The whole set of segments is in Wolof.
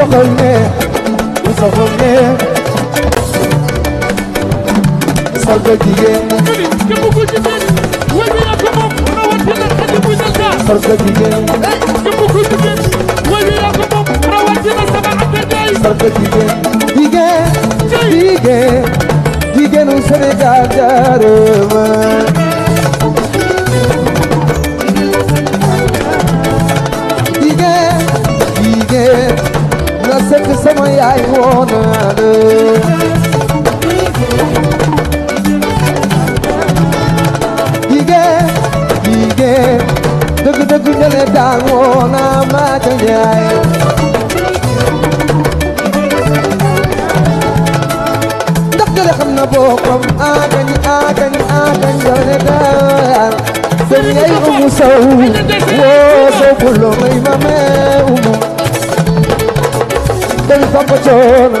soxal ne bu soxal ne sol ba jigéen sol ba jigéen sol ba jigéen jigéen jigéenu Sénégal jaaroo boppam aagañ aagañ aagañ doone daar sëñ ay umu saw woo soo fulo may mame umu dañ papa coona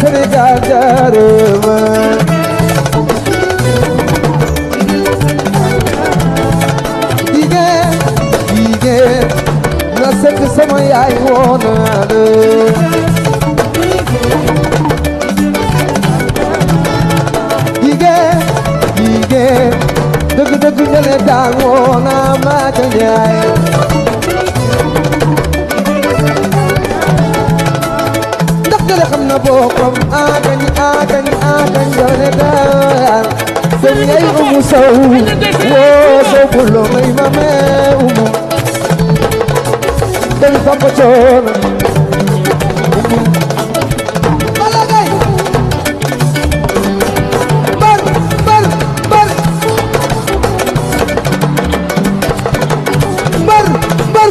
Sénégal jarama jigéen jigéen la sëkk sama yaay woon naa la jigéen jigéen dëgg dëgg ñële daal woon naa ma ca ñaay sëriñ Samba Thioné bala gay bar bar bar bar bar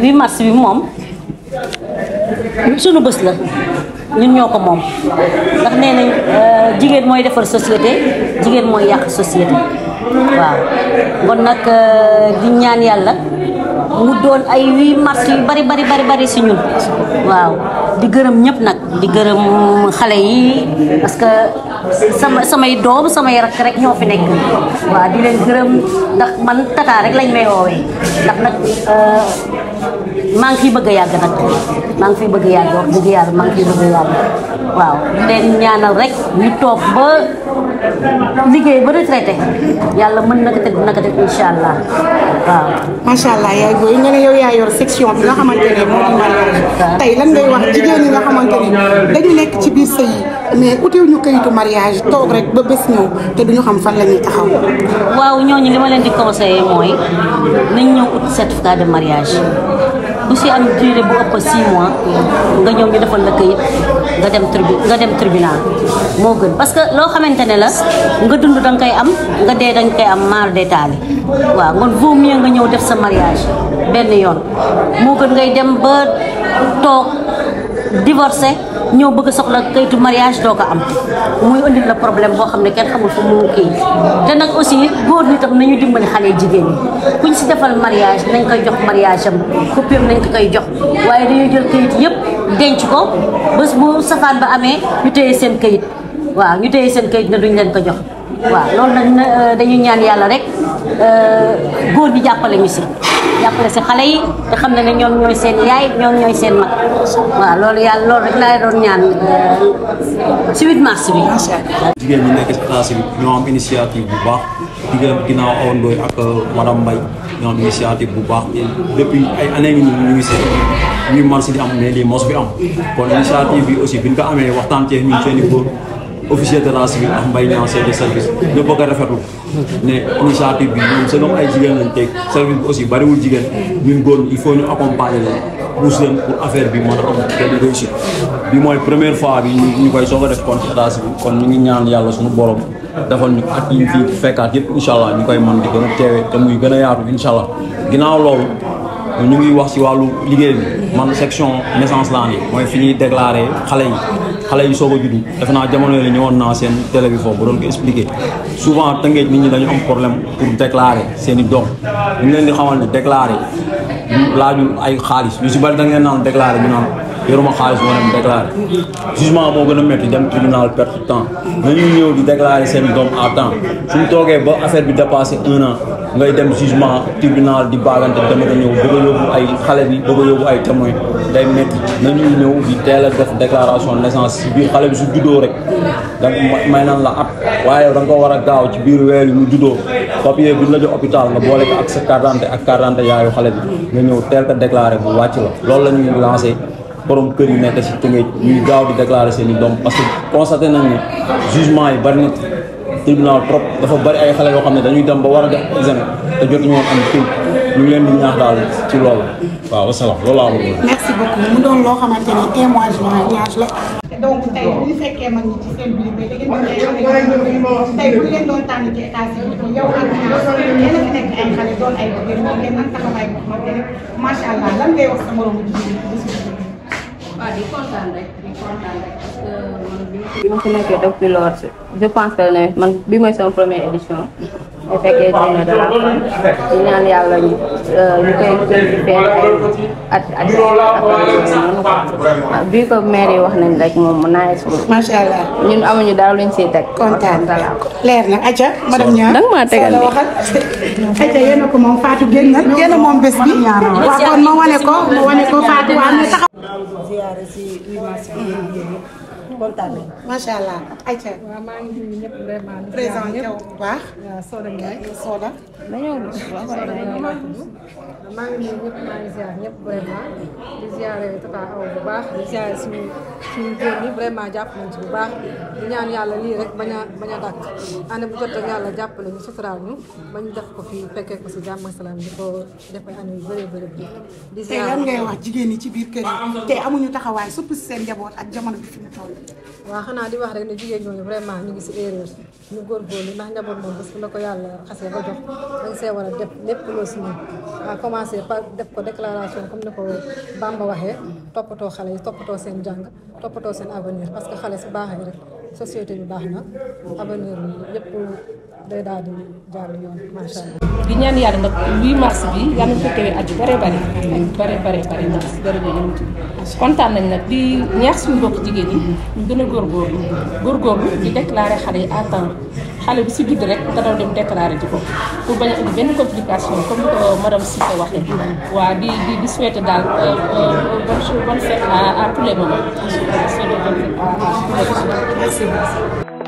8 mars bi moom sunu bés la ñun ñoo ko moom ndax nee nañ euh, jigéen mooy defar société jigéen mooy yàq société waaw kon nag euh, di ñaan yàlla mu ay huit mars yu bari bari bari bari si ñun waaw di gërëm ñëpp nag di gërëm xale yi parce que sama samay doom samay rakk rek ñoo fi nekk di leen gërëm ndax man tata rek lañ may woowee ndax nag euh, maa ngi bëgg a yàgg nag maa ngi bëgg a yàgg wax dëgg waaw leen ñaanal rek ñu toog ba liggéey ba retraité yàlla mën na ko teg na ko teg incha allah waaw. macha allah yaay booy nga ne yow yaa yor section bi nga xamante ne moom la mariage lan ngay wax jigéen ñi nga xamante ne dañu nekk ci biir sëy mais utew ñu kayitu mariage toog rek ba bés ñëw te duñu xam fan la ñuy waaw ñooñu li di conseillé mooy nañ ñëw ut certificat de mariage. bu si am durée bu ëpp 6 mois nga ñëw ñu defal la kayit nga dem tribu nga dem tribunal moo gën parce que loo xamante ne la nga dund da koy am nga dee da koy am maar détaillé waaw ngon vaut nga ñëw def sa mariage benn yoon moo gën ngay dem ba toog divorcé ñëw bëgg soxla kayitu mariage doo ko am muy indil la problème boo xam ne kenn xamul fu mu kii te nag aussi góor ñi tam nañu dimbali xale jigéen ñi si defal mariage nañ koy jox mariage am coupure nañ ko koy jox waaye dañuy jël kayit yëpp denc ko bés bu safaan ba amee ñu téye seen kayit waaw ñu téye seen kayit ne duñ leen ko jox waaw loolu na dañuy ñaan yàlla rek euh, góor ñi jàppale ñu si jàppale si xale yi te xam ne ne ñoom ñooy seen yaay ñoom ñooy seen mag waaw loolu yàlla loolu rek laa doon ñaan si 8 mars bi. jigéen ñi nekk si bu baax jigéen ginnaaw Awa ak euh, madame Mbaye ñoo bu baax depuis ay années ñu ngi si ñuy mars di am mais lii mos bi am kon initiative bi aussi bi ñu ko amee waxtaan cee ñun seen i góor. officier d'état civil ak mbay ñaaw chef de service ñu bëgg a ne initiative bi ñoom seen ay jigéen lañ teg service bi aussi bariwul jigéen ñun góor il faut ñu accompagner leen pousse leen pour affaire bi mën a am kenn réussite bi mooy première fois bi ñu koy soo a def compte état civil kon ñu ngi ñaan yàlla suñu borom defal ñu at yi fii fekkaat yëpp incha allah ñu koy mën di gën a te muy gën a yaatu incha allah ginnaaw loolu ñu ngi wax si wàllu liggéey bi man section naissance laa nii mooy fi ñuy xale yi xale yi soog a juddu defe naa jamono yooyu ñëwoon naa seen télé bi foofu bu doon ko expliqué souvent tëngeej nit ñi dañu am problème pour déclarer seen doom ñu leen di xamal ne déclarer laaju ay xaalis ñu si bari da ngeen naan déclarer ñu naan yoruma xaalis moo dem déclarer jugement moo gën a métti dem tribunal perte temps nañuy ñëw di déclarer seen i doom à temps suñu toogee ba affaire bi dépassé un an ngay dem jugement tribunal di baagante dama ko ñëw bëgg a yóbbu ay xale bi bëgg a yóbbu ay témoin day métti nañuy ñëw di teel a def déclaration biir xale bi su juddoo rek danga may nan la at waaye da nga ko war a gaaw ci biir weer yi ñu juddoo papier bi ñu la jox hôpital nga boole ko ak sa carte d'identité ak carte d'identité yaayu xale bi nga ñëw teel ko déclaré bu wàcc la loolu la ñuy lancé borom kër yi nekk si tëngéej ñuy gaaw di déclaré seen i doom parce que tribunal trop dafa bari ay xale yoo xam ne dañuy dem ba war a def examen te jotuñu woon am prime ñu ngi leen di ñaax daal ci loolu waaw wasalaam loolu laa merci beaucoup mu doon loo xamante ne témoignage la donc tey bu ñu fekkee mag ñi ci seen biir ci état si yow ak yéen a ay xale doon ay bëgg ngeen am taxawaay boo xamante ne macha allah lan ngay di kontaan je pense ne man bi mooy sama première édition. bu fekkee dina dara ñu ñaan yàlla ñu euh, ñu koy fekk ah, bii ko maire yi wax nañ rek moom mu naay suñu. macha allah ñun amuñu daal luñ siy teg. kontaan leer na Adja madame Niang. maa tegal nii Adja yéen ko moom Fatou génn génn moom bés bi. waaw kon wane ko ma wane ko Fatou waaw. kontaan nañu. macha allah ayca. waaw maa ngi nuyu ñëpp vraiment. présent ñëpp bu baax. Soda Ndiaye Soda. dañoo waaw maa ngi nuyu ñëpp maa ngi ñëpp vraiment di ziare bu baax di ziare suñu suñu góor vraiment jàpp nañu ci bu baax di ñaan yàlla lii rek bañ a bañ a dàkk ànd bu jot ak yàlla jàppale ñu suturaal ñu bañ ko fii fekkee ko si jàmm ak salaam di ko def ay année yu bëree bëri wax jigéen ñi ci biir kër yi te amuñu taxawaay surtout seen njaboot ak jamono bi fi mu toll waaw xanaa di wax rek ne jigéen ñooñu vraiment ñu ngi si erreur ñu góorgóorlu ndax njaboot moom parce que la ko yàlla xasee ba jox danga see war a def lépp loo si mën waaw commencé par def ko déclaration comme ni ko Bamba waxee toppatoo xale yi toppatoo seen jàng toppatoo seen avenir parce que xale si baaxee rek société bi baax na avenir yëpp day daal di jàll yoon macha allah. di ñaan yàlla nag 8 mars bi yàlla na fekkee at yu bare bare. at yu bare bare bare ndax dara ñu yëngatu. kontaan nañ nag di ñaax suñu mbokk jigéen yi ñu gën a góorgóorlu góorgóorlu di déclaré xale yi à temps xale bi si judd rek nga daw dem déclaré ji ko pour bañ a indi benn complication comme ni ko madame Cissé waxee. waa di di di souhaité daal euh, euh, bonne bonne fête à à tous les mamans. di souhaité bonne fête à à tous les mamans.